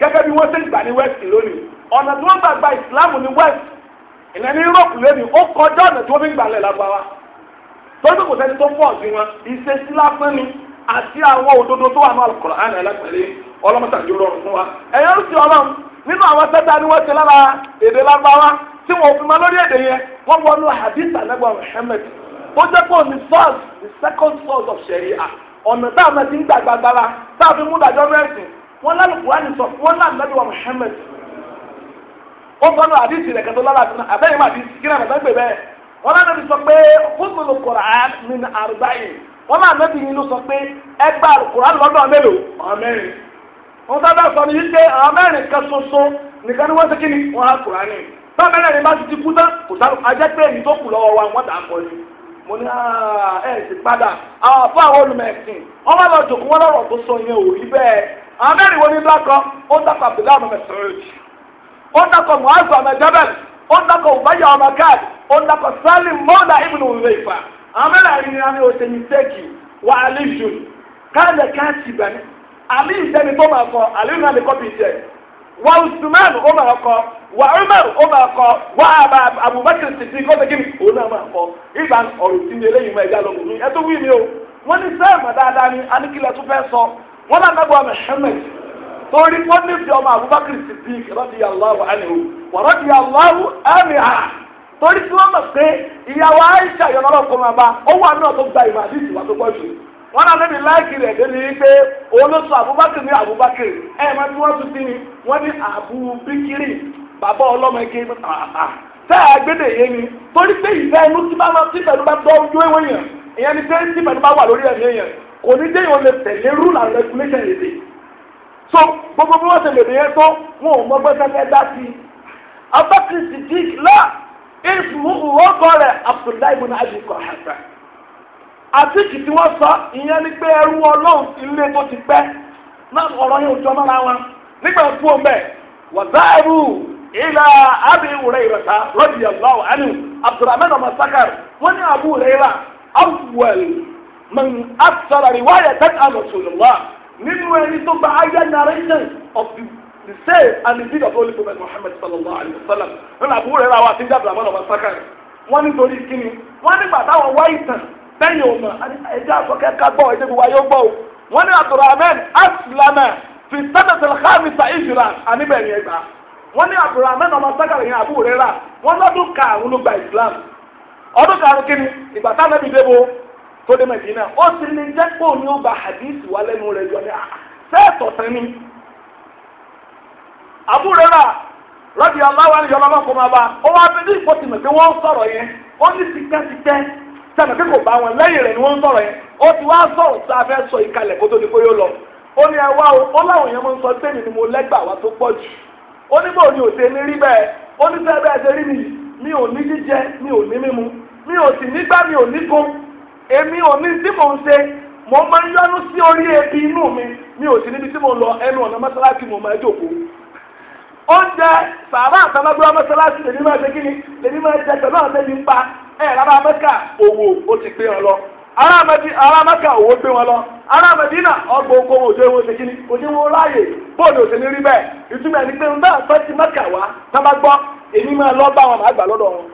gẹ́gẹ́ bí wọ́n ṣe gbà ní west lónìí ọ̀nà tí wọ́n gbà gba ìsìláàmù ní west ìlẹ̀ ní europe lónìí ó kọjá ọ̀nà tí wọ́n fi ń gbà lẹ̀ lágbára torí pé kò sẹ́ni tó pọ̀ sí wọn ìṣesí lásán ni àti àwọn òdodo tó wà ní Al-Qur'an alágbèrè ọlọ́mọtàjú rọrùn fún wa ẹ̀yẹ́ ń sọ ọlọ́run nínú àwọn tẹ́tà ni wọ́n ti lára èdè lágbára tí wọ́n fi mọ lórí èdè yẹn wọ́n wọnú hadith anagba Muhammad tó jẹ́ pé òní source the second source of sharia ọ̀nà táwọn ti ń gbàgbàgbára táwọn fi mú dàjọ́ mẹ́sìn wọ́n lálùkùránì sọ wọ́n lálùkùránì wa Muhammad ó ń bọ́nú àdìsí rẹ̀ kẹtọ́ lọ́la àdúrà àbẹ́yẹmọ àdìsí kí náà nàgbẹ́ bẹ́ẹ̀ wọn náà nàbí sọ pé fúnmùlù kùrán mi ní àrùbáyé wọn náà nàbí yín ló sọ pé ẹgbà kùrán lọ́dọ̀ mélòó ọ̀mẹ́rin wọn sábà sọ ní yí pé ọ̀mẹ́rin kan ṣoṣo nìkan ni wọ́n ti kíni wọ́n á kùrán ni bákan náà ni bá ti ti kú tán kò sáré ajẹ́ pé èyí tó kù lọ́wọ́ wa wọ́n dà á kọ́ ni mo ní ah, ẹ̀ sì padà àwọn àbọ̀ àwọn olùmẹ̀sìn wọ́n bá lọ jòkó wọn lọ́rọ̀ tó sọ yẹn ò rí bẹ́ẹ̀ àwọn mẹ́rin wo ni lákọ ó dákọ̀ àbẹ̀lẹ́ àwọn mẹ̀sìn rẹ̀ jù ó ń dakọ̀ muhazu ọmọ jabal ó ń dakọ̀ ubayya ọmọ kaad ó ń dakọ̀ salim mọ́ọ̀dà ibùdó òwe ìfà àwọn mẹ́rin àrùn ìrìnàmì ali mistake wà á lè jù káàdà káàtì bẹ̀rẹ̀ àlè ìsẹ́ni tó máa kọ àlè ìrìnàmì kọ́pì ìjẹ́ wà usman ó máa kọ wà umar ó máa kọ wà abubakar sidi kọ́pì kí ni òun náà máa kọ ìgbà ọ̀rọ̀ ìsinmi eléyìí máa ẹ̀dá lọ́wọ́ wọ́n ní da dáadáa ni anikilẹ̀ tu fẹ́ sọ wọ́n náà nàbọ̀ Muhammad torí wọ́n ní fi ọmọ Abubakar Siddiq radiyallahu anhu wa radiyallahu anha torí tí wọ́n mọ̀ pé ìyàwó Aisha yọ̀nà ọlọ́kọ̀ máa bá ó wà náà tó gba wa tó pọ̀jù wọ́n tún sí ni wọ́n yẹn ni torí pé inú tí bá bá ojú yẹn ìyẹn ni pé tí wà lórí yẹn kò ní dé tó gbogbo bí wọ́n ṣe lè nìyẹn tó wọn ò mọ gbẹ́sẹ̀kẹ́ dá sí i. abakar sidik la ismu uwọ́kọ rẹ̀ abdullahi bin abi kọ̀hásà. àtìkì tí wọ́n sọ ìyẹn ni pé ẹrú ọlọ́run ilé tó ti pẹ́ náà ọ̀rọ̀ yẹn jọ wọn nígbà fún ọmọ nínú ẹni tó gba ayé of the the sale and the deed of holy prophet muhammed sallallahu alayhi wa sallam wọn làbú rẹ ra wa ti jábìlà wọn lọba sákàrẹ wọn nítorí kíni wọn nígbà táwọn wá ìtàn gbogbo ayé gbọ o wọn ní fi sanatil khamisa ijira anibẹ̀yìn ẹgbàá wọ́n ní yẹn islam ọdún ìgbà tó dé Mẹdínà ó sì ní jẹ́pọ̀ ní ó gba hadith wa lẹ́nu rẹ̀ jọ ní sẹ́ẹ̀tọ̀ ah, sẹ́ni. Abu Hurairah rọ́bì aláwa ni yọlọ́mọ kò máa bá ó wá bí ní ìfọ̀tì mọ̀ wọ́n sọ̀rọ̀ yẹn ni wọ́n sọ̀rọ̀ yẹn ó ti wá sọ̀rọ̀ a sọ ìkalẹ̀ kó tó di yóò lọ ó ní o ó láwọn yẹn ni mo legba wa tó pọ̀ jù ó ní ní rí bẹ́ẹ̀ ó mi mi mi ò mi ò mi ò èmi omi ní tí mò ń ṣe mo máa ń yọnu sí orí ebi inú mi mi ò sí níbi tí mo lọ ẹnu ọ̀nà mọ́sálásí mo máa jòkó oúnjẹ sàrà àtàlágbéwá lèmi máa ṣe kíni lèmi máa jẹ pẹ̀lú àwọn ẹbí ń pa ẹ̀ rárá mẹ́kà òwò ó ti pé ọ lọ ará mẹ́kà òwò gbé wọn lọ ará ọgbọ̀n òjò ṣe kíni òjò láàyè bóòlù bẹ́ẹ̀ ìtumọ̀ ẹni pé ń bá mẹ́kà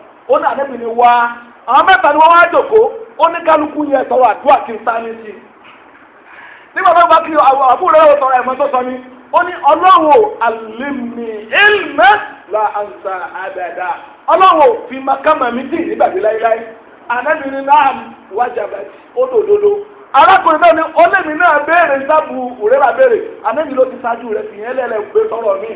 ó ní ànábì ni wá àwọn mẹ́ta ni wọ́n wá jòkó ó ní kálukú yẹn tọrọ àdúrà kí n sáré sí i nígbà tó bá kí àbúrò rẹ̀ tọrọ ẹ̀mọ́ tó sọ ni ó ní ọlọ́wọ́ àlùmí ilmẹ́ la àǹsà àdàdà ọlọ́wọ́ fi máa ká màmí dì nígbàdí láíláí ànábì ni náà wájàbá ó dòdòdó arákùnrin náà ni ó lèmi náà béèrè sábù òrèrà béèrè ànábì ló ti ṣáájú rẹ̀ fìyẹn lẹ́lẹ̀ gbé sọ̀rọ̀ míì.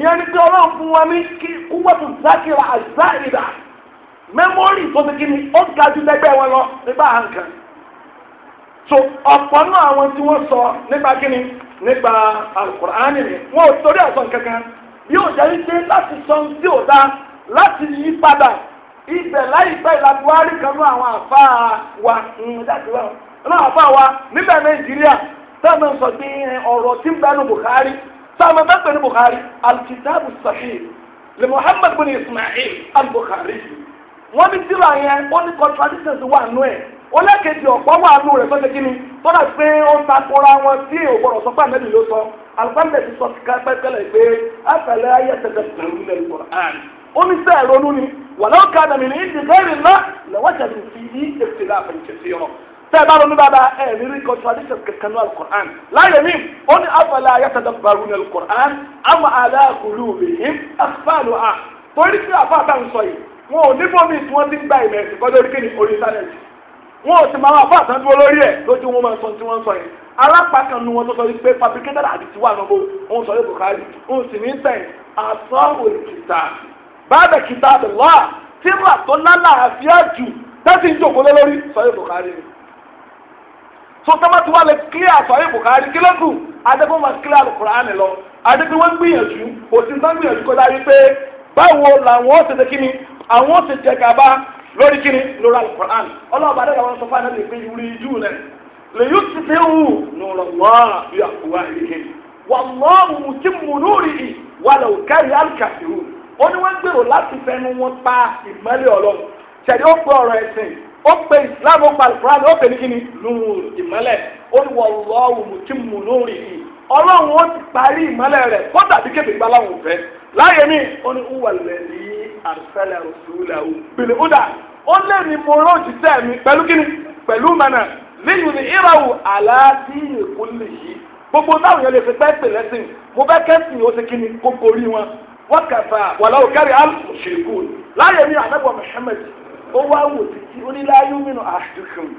ìyẹn ni pé ọlọ́run fún wa ní kí kúwọ́tù zákìrà àzá ìdá mẹ́mórì tó ti kíni ó ga ju lẹ́gbẹ́ so ọ̀pọ̀ náà àwọn tí wọ́n sọ nípa nípa ni wọn ò torí ẹ̀sọ́ kankan yóò jẹ́ wípé láti sọ láti yí padà ibẹ̀ ìlàbúwárí kan ní àwọn àfa wa ní àwọn àfa wa níbẹ̀ Nàìjíríà tẹ́lẹ̀ sọ ọ̀rọ̀ tí ń Buhari sáàmù mẹ́tò ní Bukhari alkitabu sahih le Muhammad bin Ismail al-Bukhari wọ́n ní síra yẹn ó ní contradictions wà nù ẹ̀ ó lẹ́kẹ̀ẹ́dì ọ̀pọ̀ wà nù rẹ̀ sọ́sẹ̀ kí ni tọ́lá pé ó ń takora wọn tí èèwọ̀ gbọ́dọ̀ sọ pé àmẹ́lì ló sọ alùpàdé ti sọ pẹ́pẹ́lẹ̀ pé àtàlẹ́ ayé tẹ̀tẹ̀ tẹ̀lé nílẹ̀ Quran ó ní sẹ́ẹ̀ ronú ni wàlẹ́ ọ̀kadà mi ní ìdí tẹ́ ẹ bá ronú dáadáa ẹ rírí contradiction kankan ní alukur'an láyé mi ó ní afala yatadabbaruna alukur'an ama ala qulubihim aqfaluha torí kí àfa àtàwọn sọ yìí wọn ò ní bómi tí wọ́n ti gba ìmọ̀ ẹ̀sìn kọ́jọ́ orí kíni orí wọn ò sì máa àfa àtàwọn dúró lórí ẹ̀ lójú wọn máa sọ tí wọ́n sọ yìí alápákan nu wọn tó sọ yìí pé fabricated àdìsí wà lọ́wọ́ òun sọ yìí Bukhari òun sì ní sẹ́yìn tó sábà tí wàá lè clear àtọ̀yé bùkárí kí lẹ́kù adébọ́n máa clear alukur'an lọ adébọ́n wọ́n gbìyànjú òsì ń sán gbìyànjú kọjá yìí pé báwo làwọn ṣe ṣe kíni àwọn ṣe jẹ gàba lórí kíni lórí alukur'an ọlọ́ọ̀bà adéga wọn sọ fún àná lè pe ìwúrí jù rẹ lèyí ti fi hù nùrọ̀lọ́ọ̀ bí àkùwá ìrìkè wàlọ́ọ̀ mú kí mú lórí ì wàlẹ̀ òkèrè alùkàfẹ́ hù ó ní wọ́n gbèrò láti fẹnu wọn pa ìmọ́lẹ̀ ọlọ́run tẹ̀lé ó pé ọ̀rọ̀ ẹ̀sìn ó pe islam ó pa alukur'an ó pe ní kíni nùúrù ìmọ́lẹ̀ ó ní wallahu mutimmu nurihi ọlọ́run ó ti parí ìmọ́lẹ̀ rẹ̀ kó dàbí kébè gba láwọn òfẹ́ láyé mi ó ní huwa alladhi arsala rasulahu bil huda ó lé ní mo rọ́ọ̀jì tẹ́ mi pẹ̀lú kíni pẹ̀lú mẹ́nà léyìn ní ìràwọ̀ aláàtì ìkúlì yìí gbogbo táwọn yẹn lè fi pẹ́ pè lẹ́sìn mo fẹ́ kẹ́sìn ó ti kíni kó borí wọn wọ́n kẹfà wàlá òkèrè al-mushrikun láyé mi àdàbọ̀ Muhammad ó wá wò títí ó ní láyé mìíràn àdùkùn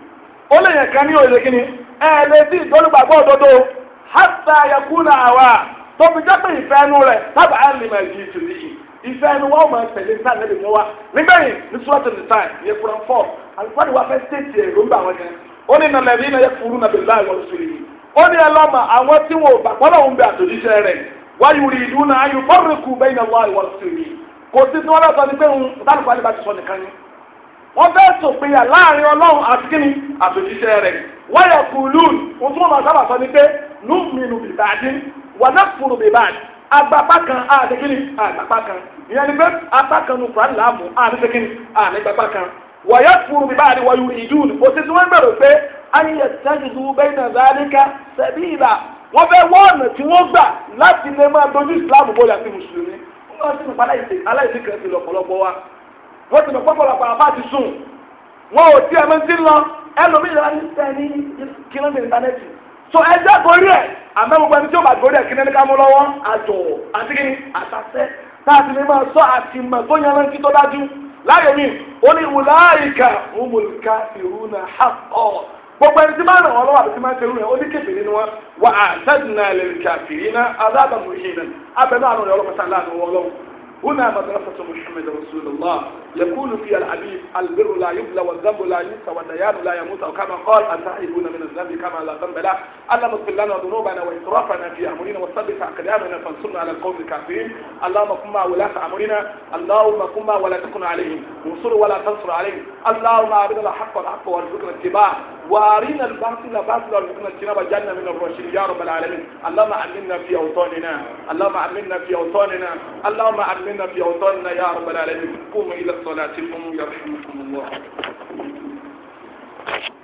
ó lè yàn kan ní òye kí ni ẹ lè sí ìdólúgbàgbọ́ òdodo hàtà yakuna àwa tó fi jẹ́ pé ìfẹ́ ẹnu rẹ̀ tábà á lè máa yí ìtòlì yìí ìfẹ́ ẹnu wa ó máa tẹ̀lé ní sáà lẹ́bi mú wa nígbẹ̀yìn ní sọ́ọ̀tì ní sáà ní ekura fọ́ àlùfáàdì wa fẹ́ tètè èrò ń bá àwọn yẹn ó ní nàlẹ́ ní ìnáyẹ fúru nàbẹ̀ láì wọ́n sùn yìí ó ní ẹlọ́mà àwọn tí wọn ò bà pọ́nà òun bẹ àtòjíṣẹ́ rẹ̀ wáyé wùrì ìdúnà ayò fọ́ọ̀rù kù bẹ́ẹ̀ ní wọ́n fẹ́ sòpinya láàrin ọlọ́run àti kíni àtòjíṣẹ́ rẹ̀ wáyà kùlù ohun tí wọ́n máa sábà sọ ni pé nùmínú bìbàdí wàdà kùrù bìbàdí agbapá kan àti kíni àgbapá kan ìyẹn ni pé apá kan nù kúrán làámù àti kíni àgbapá kan wàyà kùrù bìbàdí wàyù ìdúùn òsì tí wọ́n gbèrò pé ayé tẹ́jú bẹ́ẹ̀nà záríkà sẹ́bíìlà wọ́n fẹ́ wọ́n ọ̀nà tí wọ́n gbà láti lè máa dojú ìsìlámù bọ́ọ̀lù àti mùsùlùmí wọ́n máa ń sìn wọ́n ti lọ pọ́pọ́lọpọ̀ àbá ti sùn wọn ò tí ẹ̀mí ti lọ ẹlòmíì lọ́la ní sẹ́ni kílómítì ìntánẹ́ẹ̀tì so ẹjẹ́ gorí ẹ̀ àmọ́ gbogbo ẹni tí ó bá gorí ẹ̀ kí ní ká mú lọ́wọ́ àjọ àti kí àtàṣẹ láti lè máa sọ àti mọ̀ tó yan rántí tó dájú láyé mi ó ní wùláìkà òmùlùkà ìrúnà hàpọ̀ gbogbo ẹni tí máa ràn wọ́n lọ́wọ́ àti tí máa ń serú rẹ̀ ó ní kébìrì ni wọ́n wà á sẹ́dínà lè kàfìrí ná alábàmù yìí náà abẹ́nú àrùn rẹ̀ ọlọ́pàá هنا مدرسة محمد رسول الله يكون فيها العبيد البر لا يبلى والذنب لا ينسى والديان لا يموت وكما قال أتعيدون من الذنب كما لا ذنب له اللهم اغفر لنا ذنوبنا وإسرافنا في أمرنا وثبت أقدامنا فانصرنا على القوم الكافرين اللهم كن مع ولاة أمرنا اللهم كن ولا تكن عليهم انصروا ولا تنصر عليهم اللهم أرنا الحق والحق وارزقنا اتباعه وارنا الباطل باطلا وارزقنا اجتناب الجنه من الرشيد يا رب العالمين اللهم علمنا في اوطاننا اللهم علمنا في اوطاننا اللهم علمنا في اوطاننا يا رب العالمين قوموا الى صلاتكم يرحمكم الله